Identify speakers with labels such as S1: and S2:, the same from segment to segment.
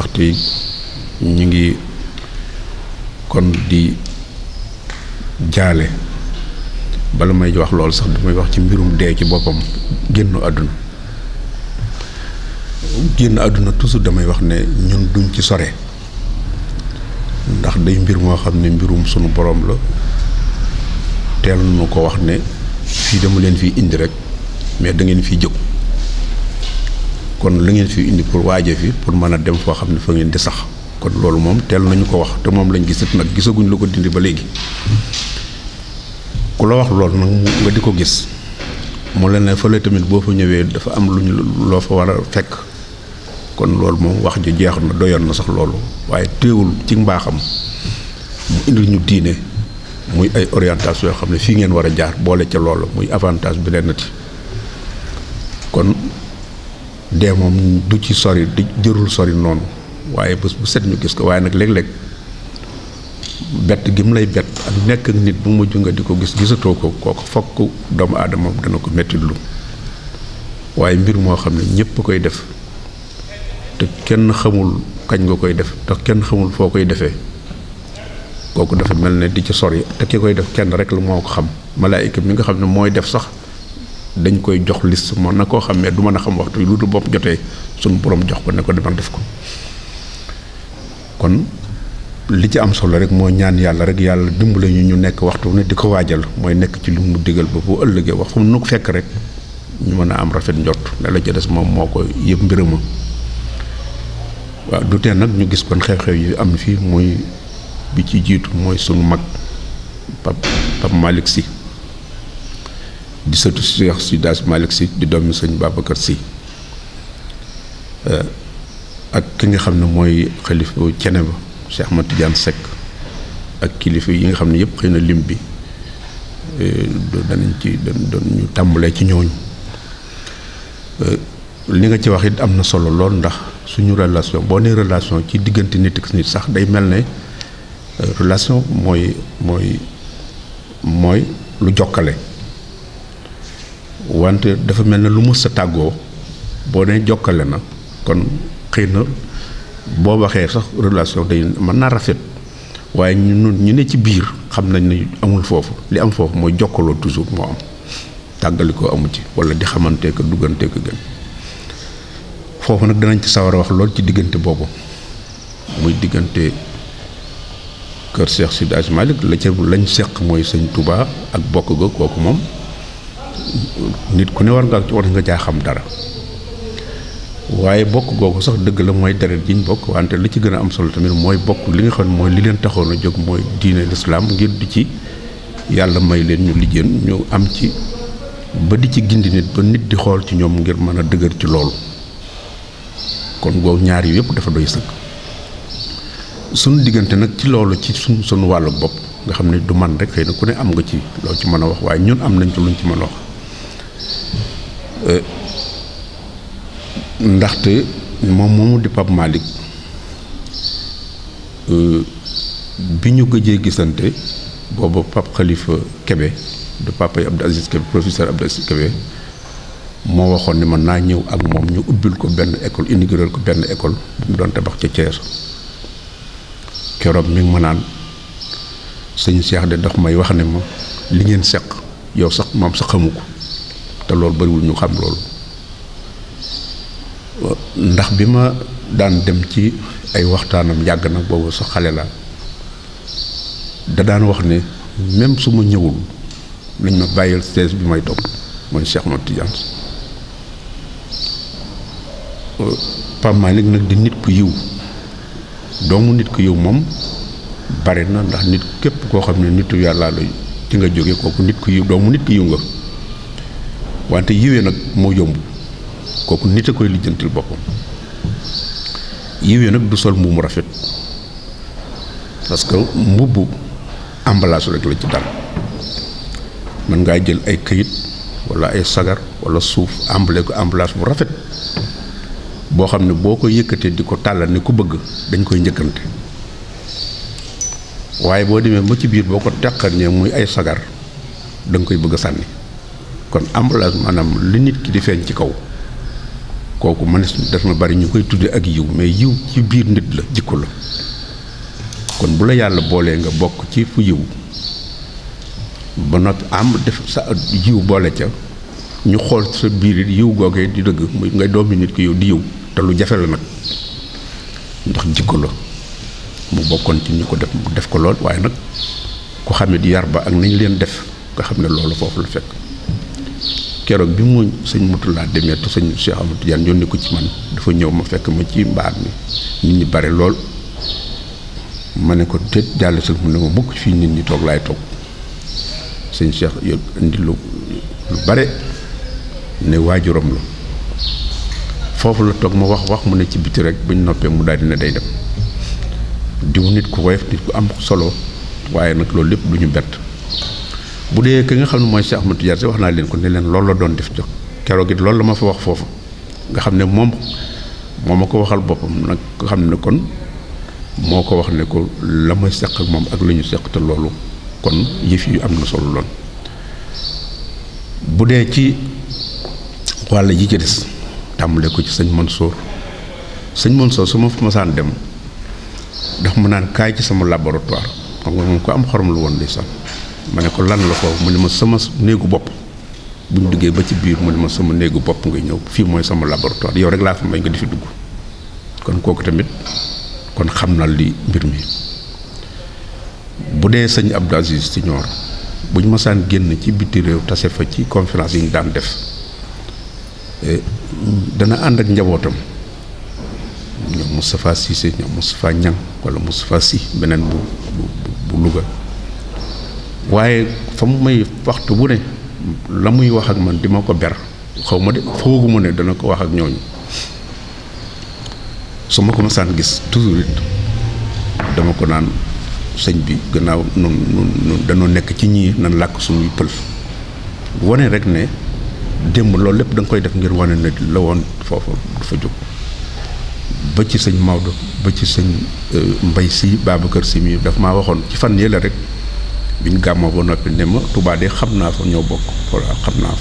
S1: ndaxte ñu ngi kon di jaale bala may wax loolu sax damay wax ci mbirum dee ci boppam génn àdduna génn àdduna toujours damay wax ne ñun duñ ci sore ndax day mbir moo xam ne mbirum sunu borom la teel nu ko wax ne fii dama leen fii indi rek mais da ngeen fiy jóg kon li ngeen fi indi pour waaje fi pour mën a dem foo xam ne foo ngeen di sax kon loolu moom teel nañu ko wax te moom lañu gisat nag gisaguñ lu ko dindi ba léegi ku la wax loolu nag nga di ko gis mu la ne fële tamit boo fa ñëwee dafa am lu ñu loo fa war a fekk kon loolu moom wax ji jeex na doyoon na sax loolu waaye téewul ci mbaaxam mu indil ñu diine muy ay orientation yoo xam ne fii ngeen war a jaar boole ca loolu muy avantage bi leen nati kon dee moom du ci sori du jërul sori noonu waaye bés bu set ñu gis ko waaye nag léeg-léeg bett gi mu lay bett ak nekk ak nit bu mujj nga di ko gis gisatoo ko kooku fokk doomu aadama dana ko mettitlu waaye mbir moo xam ne ñëpp koy def te kenn xamul kañ nga koy def te kenn xamul foo koy defee kooku dafa mel ne di ci sori te ki koy def kenn rek la moo ko xam malaayika mi nga xam ne mooy def sax dañ koy jox liste moom na koo xam ne du mën a xam waxtu lu dul bopp jotee suñu borom jox ko ne ko demal def ko kon li ci am solo rek moo ñaan yàlla rek yàlla dimbale ñu ñu nekk waxtu ne di ko waajal mooy nekk ci lu mu digal ba bu ëllëgee wax fu mu nu ko fekk rek ñu mën a am rafet njot ne la moom moo ko yëpp waaw du tee nag ñu gis kon xew-xew yi am fii muy bi ci jiitu mooy sunu mag Pape Pape Malick Sy di sëtu si Sidaas Malick si di doomi sëñ Babacar si euh, ak ki nga xam ne mooy xalifa cene ba Cheikh Ahmad Tidiane Seck ak kilifa yi nga xam ne yëpp xëy na lim bi euh, danañ ci doon ñu tàmbalee ci ñooñu euh, li nga ci wax it am na solo lool ndax suñu relation boo nee relation ci diggante nit ak sax day mel ne relation mooy mooy mooy lu jokkale wante dafa mel ne lu mës sa tàggoo boo ne jokkale na kon xëy na boo waxee sax relation day mën naa rafet waaye ñun ñu ne ci biir xam nañ ne amul foofu li am foofu mooy jokkaloo toujours moo am tàggali ko amu ci wala di xamante ko duggante ko gën foofu nag danañ ci sawar a wax lool ci diggante boobu muy diggante kër Cheikh Sidi Aj Malick la ca lañ seq mooy sëñ Touba ak bokk ga kooku moom nit ku ne war nga war nga caa xam dara waaye bokk googu sax dëgg la mooy deret ñu bokk wante li ci gën a am solo tamit mooy bokk li nga xam ne mooy li leen taxoon a jóg mooy diine lislaam ngir di ci yàlla may leen ñu lijjeen ñu am ci ba di ci gindi nit ba nit di xool ci ñoom ngir mën a dëgër ci loolu kon googu ñaar yu yëpp dafa doy sëkk suñu diggante nag ci loolu ci suñ suñu wàllu bopp nga xam ne du man rek xëy na ku ne am nga ci loo ci mën a wax waaye ñun am nañ ci luñ ci mën a wax euh, ndaxte moom moomu di Pape Malick euh, bi ñu gëjee gisante booba Pape xalifa kebe du papa Abdou Aziz Kébé professeur Abdou Aziz Kébé moo waxoon ni man naa ñëw ak moom ñu ubbil ko benn école inaugurer ko benn école mu doon tabax ca Thiès keroog mi ngi ma naan sëñ Cheikh de daf may wax ne ma li ngeen seq yow sax moom sax xamu ko te loolu bariwul ñu xam loolu ndax bi ma daan dem ci ay waxtaanam yàgg na boobu sa xale la da daan wax ne même su ma ñëwul nañ ma bàyyil sees bi may toog mooy Cheikh Mame Tidiane Pape Malick nag di nit ku yiw doomu nit ku yiw moom bare na ndax nit képp koo xam ne nitu yàllaa la ci nga jóge kooku nit ku yu doomu nit ku yiw nga wante yiwee nag moo yomb kooku nit a koy lijjantil boppam yiwee nag du sol mbubb mu rafet parce que mbubb emballage rek la ci dal mën ngaa jël ay kayit walla ay sagar wala suuf emballé ko emballage bu rafet boo xam ne boo ko yëkkatee di ko tàllal ne ku bëgg dañ koy njëkkante waaye boo demee ba ci biir boo ko teqalee muy ay sagar danga koy bëgg a sànni kon emballage maanaam li nit ki di feeñ ci kaw kooku mënees def na bari ñu koy tudde ak yiw may yiw ci biir nit la jikko la kon bu la yàlla boolee nga bokk ci fu yiw ba noppi am def sa yiw boole ca ñu xool sa biir yiw googee di dëgg muy ngay doomi nit ki yow di yiw te lu jafe la nag ndax jikko la mu bokkoon ci ñu ko def def ko lool waaye nag ku xam ne di yar ba ak nañ leen def nga xam ne loolu foofu la fekk keroog bi mu sëñ Moutalla demee te sëñ Cheikh Amadou Tidiane yónni ko ci man dafa ñëw ma fekk ma ci mbaar mi nit ñi bare lool ma ne ko te jàll sëñ mu ne ma mukk fii nit ñi toog laay sëñ Cheikh yo indi lu lu bare ne waajuram la foofu la toog ma wax wax mu ne ci biti rek buñ noppee mu daal dina day dem diw nit ku woyof nit ku am solo waaye nag loolu lépp du ñu bett bu dee ki nga xam ne mooy Cheikh ma Tidiane si wax naa leen ko ne leen loolu la doon def jox keroog it loolu la ma fa wax foofu nga xam ne moom moo ma ko waxal boppam nag nga xam ne kon moo ko wax ne ko la ma seq ak moom ak la ñu seq te loolu kon fi yu am na solo loon bu dee ci wàll yi ci des tàmbale ko ci sëñ Mansour sëñ Mansour su ma fa masaan dem ndax mu naan kaay ci sama laboratoire xam nga moom ko am xorom lu woon di sax ma ne ko lan la ko mu ne ma sama néegu bopp bu ñu duggee ba ci biir mu ne ma sama néegu bopp nga ñëw fii mooy sama laboratoire yow rek laa fa may nga kooku tamit kon xam na li mbir mi bu dee sëñ Abdou si ñoor bu ñu génn ci biti réew tase fa ci conférence yi ñu daan def eh, dana ànd ak njabootam Moustapha Cissé ñoom Moustapha Niang wala Moustapha si beneen bu bu bu Louga waaye fa mu may waxtu bu ne la muy wax ak man di ma ko ber xaw ma de foogu ma ne dana ko wax ak ñooñu su ma ko masaan gis toujours it dama ko naan sëñ bi gannaaw nun nun dañoo nekk ci ñii nan làkk suñuy pël wane rek ne démb loolu lépp da nga koy def ngir wane ne la woon foofu du fa jóg ba ci sëñ Maodo ba ci sëñ euh, Mbay si kër si mi daf maa waxoon ci fan yële rek ñu gàmmoo ba noppi ne ma Touba de xam naa fa ñoo bokk voilà xam naa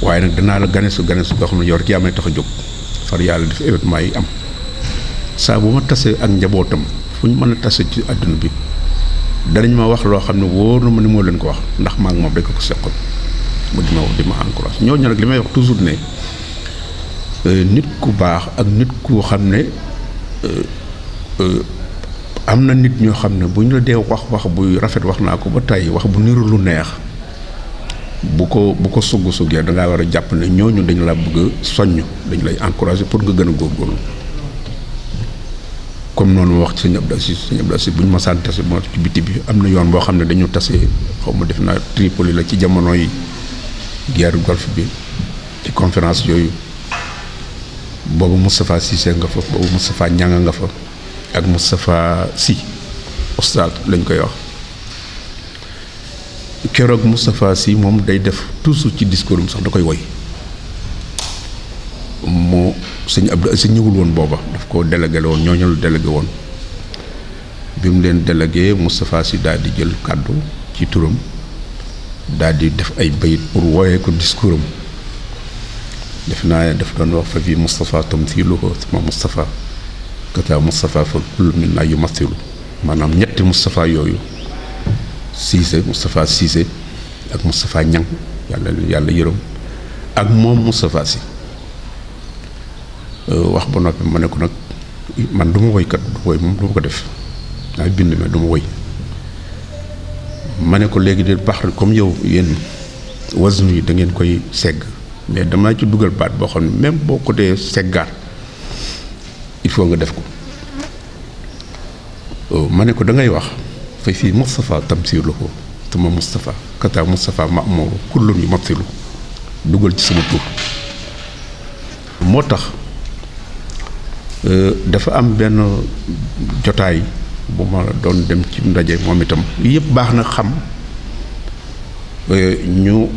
S1: waaye nag danaa la ganesu ganesu goo xam ne yor jaamay tax a jóg far yàlla def événement yi am saa bu ma tasee ak njabootam fu ñu mën a tase ci àdduna bi danañ ma wax loo xam ne wóor na ma ni moo leen ko wax ndax maa ngi moom rek ko seqoon mu di ma am ko ma encourage ñooñu nag li may wax toujours ne Euh, nit ku baax ak nit koo xam ne euh, euh, am na nit ñoo xam ne bu ñu la dee wax wax buy rafet wax naa ko ba tey wax bu niru lu neex bu ko bu ko sugg suggee da ngaa war a jàpp ne ñooñu dañu la bëgg soññ dañu lay encouragé pour nga gën a góorgóorlu comme noonu ma wax ci sëñ Abdou Aziz bu ñu masaan tase moo ci biti bi am na yoon boo xam ne dañu tase xaw ma def naa Tripoli la ci jamonoy yi guerre bi ci conférence yooyu boobu Moustapha Cissé nga fa boobu Moustapha Ñanga nga fa ak Moustapha si oustaz lañ koy wax keroog Moustapha si moom day def toujours ci discours sax da koy woy moo sëñ Abdou ñëwul woon booba daf ko délégué woon ñooñu la délégué woon bi mu leen délégué Moustapha si daal di jël kàddu ci turam dal di def ay bayit pour woyee ko discours def naa daf doon wax fa fii Moustapha tamthiluhu sama Moustapha kata Moustapha fa kullu min naa yu mathilu maanaam ñetti Moustapha yooyu Cissé Moustapha Cissé ak Moustapha Ñang yàlla yàlla yërëm ak moom Moustapha si euh, wax bu noppi ma ne ko nag man duma woykat du woy moom du ko def daay bind mais du woy ma ne ko léegi de baax comme yow yéen wasnu yi da koy segg mais dama ci dugal baat boo xam ne même boo ko dee seggaat il faut nga def ko oh, ma ne ko da ngay wax fay fii Moustapha tamsiilu ko tuma Moustapha kata Moustapha Mamour kullum yi mapsilu dugal ci sama tur moo tax euh, dafa am benn jotaay bu ma doon dem ci ndaje moom itam yëpp baax na xam euh, ñu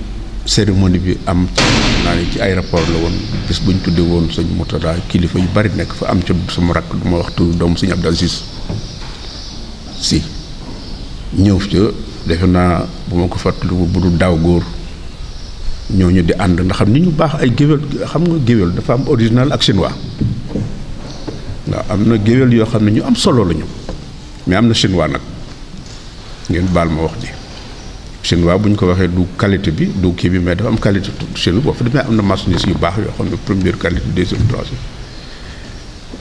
S1: cérémonie bi am naa ne ci aéroport la woon bis bu ñu tuddee woon sëñ Mourtada kilifa yu bari nekk fa am ci sama rakk du ma wax tur doomu sëñ Abdou Aziz si ñëw ca defe naa bu ma ko fàttaliku bu dul daaw góor ñooñu di ànd ndax xam ni ñu baax ay géwél xam nga géwél dafa am original ak chinois waaw am na géwél yoo xam ne ñu am solo lañu mais am na chinois nag ngeen baal ma wax ji chinois bu ñu ko waxee du qualité bi du kii bi mais dafa am qualité chinois boo fa demee am na marchandise yu baax yoo xam ne première qualité deuxième troisième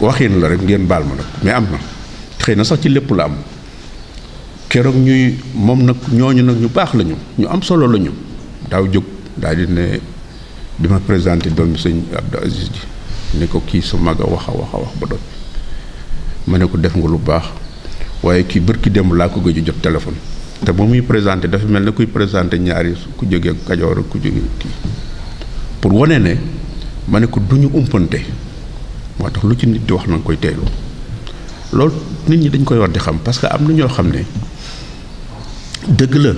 S1: waxin la rek ngeen baal ma nag mais am na xëy na sax ci lépp la am keroog ñuy moom nag ñooñu nag ñu baax lañu ñu am solo la ñu daaw jóg daal di ne di ma doom doomi sëñ Abdou Aziz ji ne ko kii su mag a wax a wax a wax ba doon ma ne ko def nga lu baax waaye kii bërki démb laa ko gëj a jot téléphone te bu muy présenté dafa mel na kuy présenté ñaari ku jóge Kajoor ak ku jóge kii pour wane ne ma ne ko du ñu umpante moo tax lu ci nit di wax na koy teelu loolu nit ñi dañ koy war di xam parce que am na ñoo xam ne dëgg la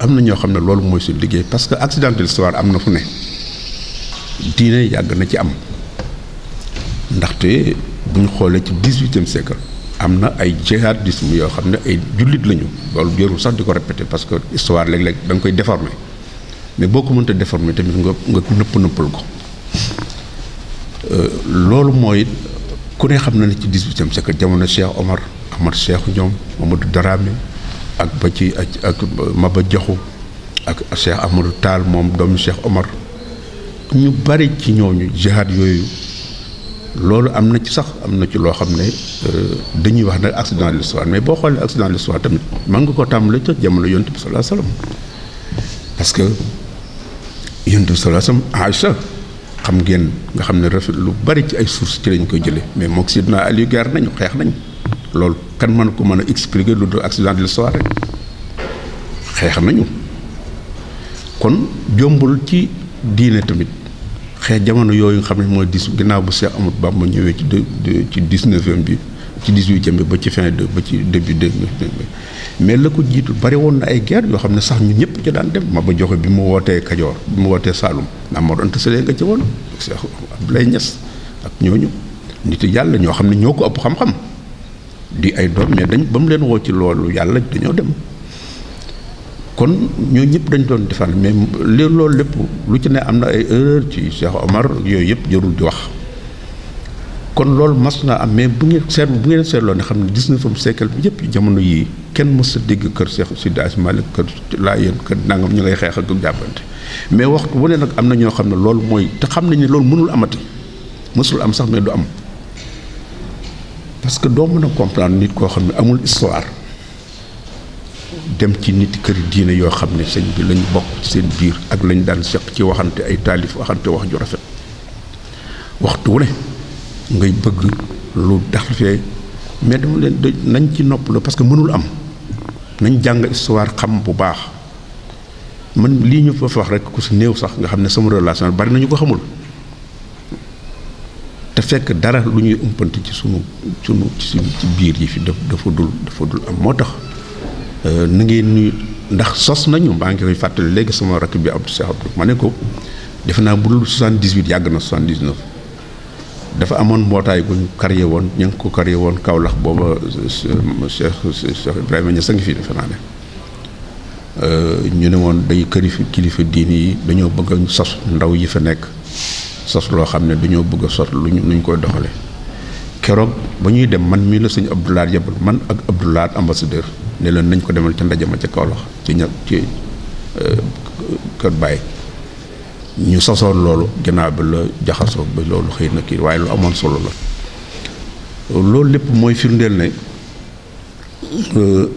S1: am na ñoo xam ne loolu mooy suñu liggéey parce que accident de l'histoire am na fu ne diine yàgg na ci am ndaxte bu ñu xoolee ci dix-huitième siècle am na ay jihadisme yoo xam ne ay jullit lañu loolu jërul sax di ko répété parce que histoire léeg-léeg da koy déformé mais boo ko mënta déformé tamit nga nga nëpp nëppal ko euh, loolu mooy ku ne xam na ne ci dis bi e siècle jamono Cheikh Omar Ahmad Cheikh ñoom Mamadou Darame ak ba ci ak ak Maba joxu ak Cheikh Amadou taal moom doomu Cheikh Omar ñu bari ci ñooñu jihad yooyu. loolu am na ci sax am na ci loo xam ne euh, dañuy wax ne accident de l'histoire mais boo xoolee accident de l'histoire tamit man nga ko tàmbale ca jamono yonent bi sallallahu alayhi wasallam parce que yonent bi sallallahu alayhi wasallam xam ngeen nga xam ne rafet lu bari ci ay sources ci lañ ko jëlee mais mook Sidna Ali gaar nañu xeex nañu loolu kan mën ko mën a expliquer lu dul accident de l'histoire rek xeex nañu kon jombul ci diine tamit xëy jamono yooyu nga xam ne mooy dix ginnaaw bu Cheikh Amadou Bamba ñëwee ci ci dix-neuvième bi ci dix-huitième bi ba ci fin de ba ci début de mais la ko jiitu bari woon na ay guerre yoo xam ne sax ñu ñëpp ci daan dem ma ba Jaxu bi mu wootee Kajoor bi mu wootee Saalum ndax doon Anta selee nga ci woon Cheikh Abdoulaye Niass ak ñooñu nit yàlla ñoo xam ne ñoo ko ëpp xam-xam di ay doom mais dañ ba mu leen woo ci loolu yàlla dañoo dem kon ñoo ñëpp dañu doon defal mais loolu lépp lu ci ne am na ay erreur ci Cheikh Omar yooyu yëpp jarul di wax kon loolu mas naa am mais bu ngeen bu ngeen seetloo ne xam ne dix-neuvième siècle bi yëpp jamono yii kenn mës sa dégg kër Cheikh Seydi Hadji Malick kër Laayeen kër nangam ñu ngay xeex ak jàppante mais waxtu wu ne nag am na ñoo xam ne loolu mooy te xam nañ ne loolu mënul amati mësul am sax mais du am parce que doo mën a comprendre nit koo xam ne amul histoire dem ci nit këri diine yoo xam ne sëñ bi lañ bokk ci seen biir ak lañu daan seq ci waxante ay taalif waxante wax ju rafet waxtu wu ne ngay bëgg lu daxfee mais dama leen daj nañ ci nopp la parce que mënul am nañ jàng histoire xam bu baax man lii ñu fa wax rekk ku si néew sax nga xam ne sama relation bari nañu ko xamul te fekk dara lu ñuy umpante ci sunu sunu ci biir yi fi dafa dul dafa dul am moo tax Euh, nu ngeen nuyu ndax sos nañu maa ngi koy fàttali léegi sama rakk bi Abdou Cheikh Abdou ma ne ko defe naa bu dul 78 yàgg na 79 dafa amoon mbootaay bu ñu karye woon ñu ngi ko karye woon Kaolack booba euh, Cheikh Cheikh Ibrahima Niass a ngi fi defe naa ne euh, ñu ne woon day kërifi kilifa diini yi dañoo bëgg a sos ndaw yi fa nekk sos loo xam ne dañoo bëgg a sos luñ luñ koy doxale keroog ba ñuy dem man mii la sëñ Abdoulaye yebal man ak Abdoulaye ambassadeur ne nañ ko demal ca ndaje ma ca Kaolack ci ña ci euh, kër Baye ñu sosoon loolu gannaaw bi la jaxasoo ba loolu xëy na kii waaye lu amoon solo la loolu lépp mooy firndeel ne euh,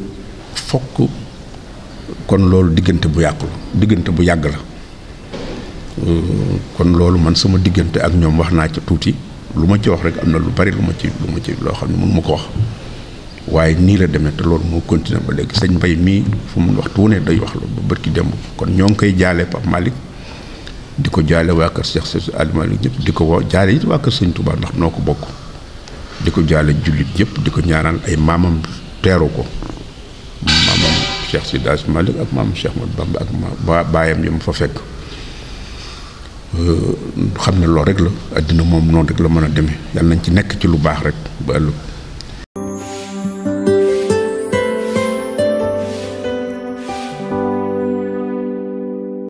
S1: fokk kon loolu diggante bu yàqu diggante bu yàgg la euh, kon loolu man sama diggante ak ñoom wax naa ca tuuti lu ma ci wax rek am na lu bari lu ma ci lu ma ci loo xam ne mun ma ko wax waaye nii la demee te loolu moo continuer ba léegi sañ mbay mii fu mu waxtu wu ne day wax loolu ba dem démb kon ñoo ngi koy jaalee Pape Malick di ko jaale waa kër Cheikh Seydi Hadji Malick ñëpp di ko woo jaale it waa kër sëñ Touba ndax noo ko bokk di ko jaale jullit yëpp di ko ñaanal ay maamam teeru ko maamam Cheikh Seydi Hadji Malick ak maamam Cheikh Ahmadou Bamba ak ma baayam yi mu fa fekk xam ne loolu rek la àddina moom noonu rek la mën a demee yàlla nañ ci nekk ci lu baax rek